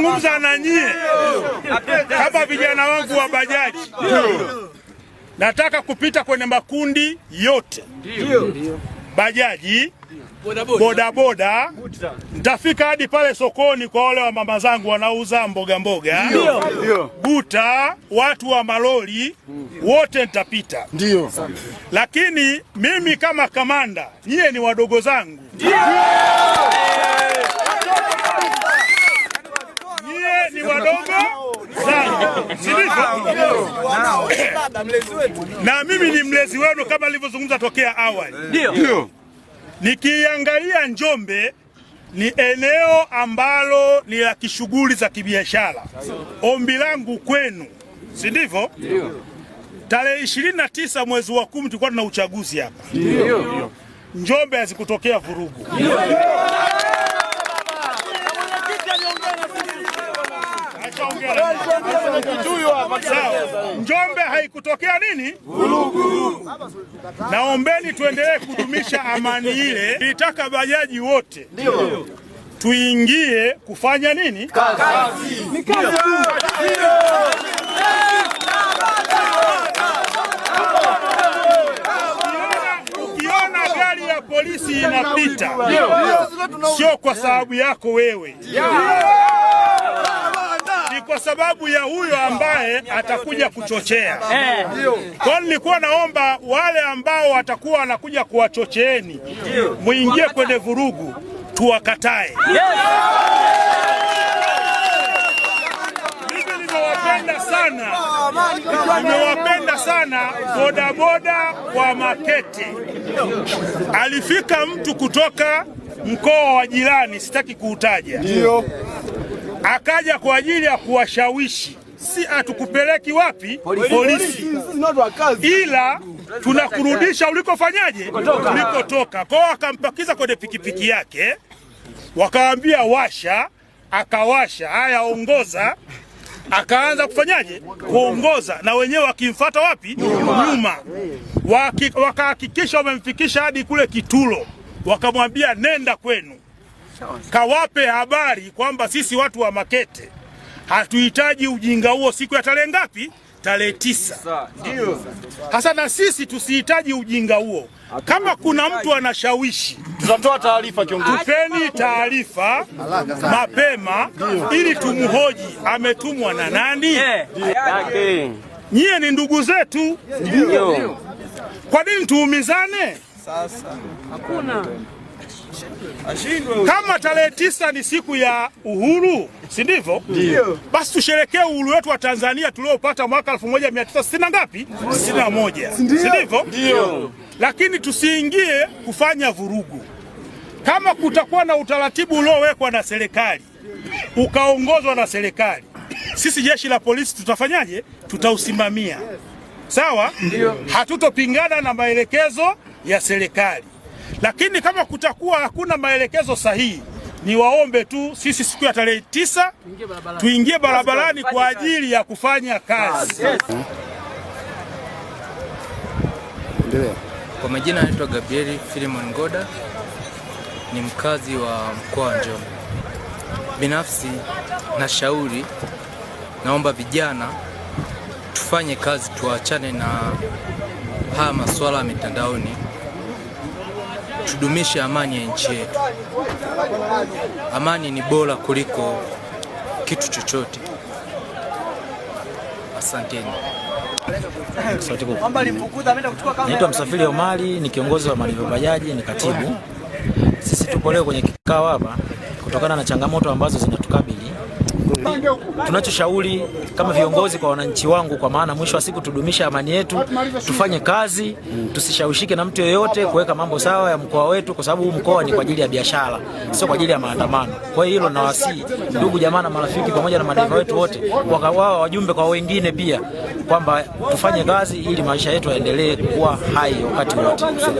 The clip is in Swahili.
nazungumza na nyie kama vijana wangu wa bajaji. Nataka kupita kwenye makundi yote, bajaji, bodaboda, nitafika hadi pale sokoni kwa wale wa mama zangu wanauza mboga mboga, guta, watu wa maloli wote nitapita. Ndio, lakini mimi kama kamanda, nyie ni wadogo zangu. Ndio. na mimi ni mlezi wenu kama alivyozungumza tokea awali. Ndio. Nikiangalia Njombe ni eneo ambalo ni la kishughuli za kibiashara. Ombi langu kwenu, si ndivyo? Tarehe ishirini na tisa mwezi wa kumi tulikuwa tuna uchaguzi hapa Njombe, hazikutokea vurugu. kutokea nini vurugu. Naombeni tuendelee kudumisha amani ile. Nilitaka bajaji wote ndio tuingie kufanya nini kazi. Ukiona gari ya polisi inapita, sio kwa sababu yako wewe kwa sababu ya huyo ambaye atakuja kuchochea. Kwa hiyo nilikuwa naomba wale ambao watakuwa wanakuja kuwachocheeni muingie kwenye vurugu, tuwakatae. Mimi nimewapenda sana, nimewapenda sana bodaboda wa Makete. Alifika mtu kutoka mkoa wa jirani, sitaki kuutaja, ndio akaja kwa ajili ya kuwashawishi, si hatukupeleki wapi polisi, polisi. ila tunakurudisha ulikofanyaje, ulikotoka. Kwao akampakiza kwenye pikipiki yake, wakawambia washa, akawasha. Haya, ongoza akaanza kufanyaje kuongoza, na wenyewe wakimfata wapi nyuma, wakahakikisha wamemfikisha hadi kule Kitulo, wakamwambia nenda kwenu kawape habari kwamba sisi watu wa Makete hatuhitaji ujinga huo siku ya tarehe ngapi? Tarehe tisa. Ndio hasa na sisi tusihitaji ujinga huo. Kama kuna mtu anashawishi, tutatoa taarifa kiongozi. Tupeni taarifa mapema ili tumhoji ametumwa na nani. Eh, Nyie ni ndugu zetu, ndio. Kwa nini tuumizane? Sasa hakuna kama tarehe tisa ni siku ya uhuru, si ndivyo? Basi tusherekee uhuru wetu wa Tanzania tuliopata mwaka 1960 ngapi? 61. Si ndivyo? Lakini tusiingie kufanya vurugu. Kama kutakuwa na utaratibu uliowekwa na serikali ukaongozwa na serikali, sisi jeshi la polisi tutafanyaje? Tutausimamia. Sawa? Ndio. Hatutopingana na maelekezo ya serikali. Lakini kama kutakuwa hakuna maelekezo sahihi, ni waombe tu sisi siku ya tarehe tisa tuingie barabarani kwa ajili ya kufanya kazi. Kwa majina anaitwa Gabrieli Filimon Ngoda, ni mkazi wa mkoa wa Njombe. Binafsi shauri, naomba vijana tufanye kazi, tuachane na haya masuala ya mitandaoni tudumishe amani ya nchi yetu. Amani ni bora kuliko kitu chochote. Asanteni. Naitwa Msafiri Omari, ni kiongozi wa Madereva Bajaji, ni katibu. Sisi tupo leo kwenye kikao hapa kutokana na changamoto ambazo zinatukabili Tunachoshauri kama viongozi kwa wananchi wangu, kwa maana mwisho wa siku tudumishe amani yetu, tufanye kazi, tusishawishike na mtu yoyote kuweka mambo sawa ya mkoa wetu, kwa sababu huu mkoa ni kwa ajili ya biashara, sio kwa ajili ya maandamano. Kwa hiyo hilo nawasihi ndugu jamaa na marafiki, pamoja na madereva wetu wote, wakawa wajumbe kwa wengine pia, kwamba tufanye kazi ili maisha yetu yaendelee kuwa hai wakati wote.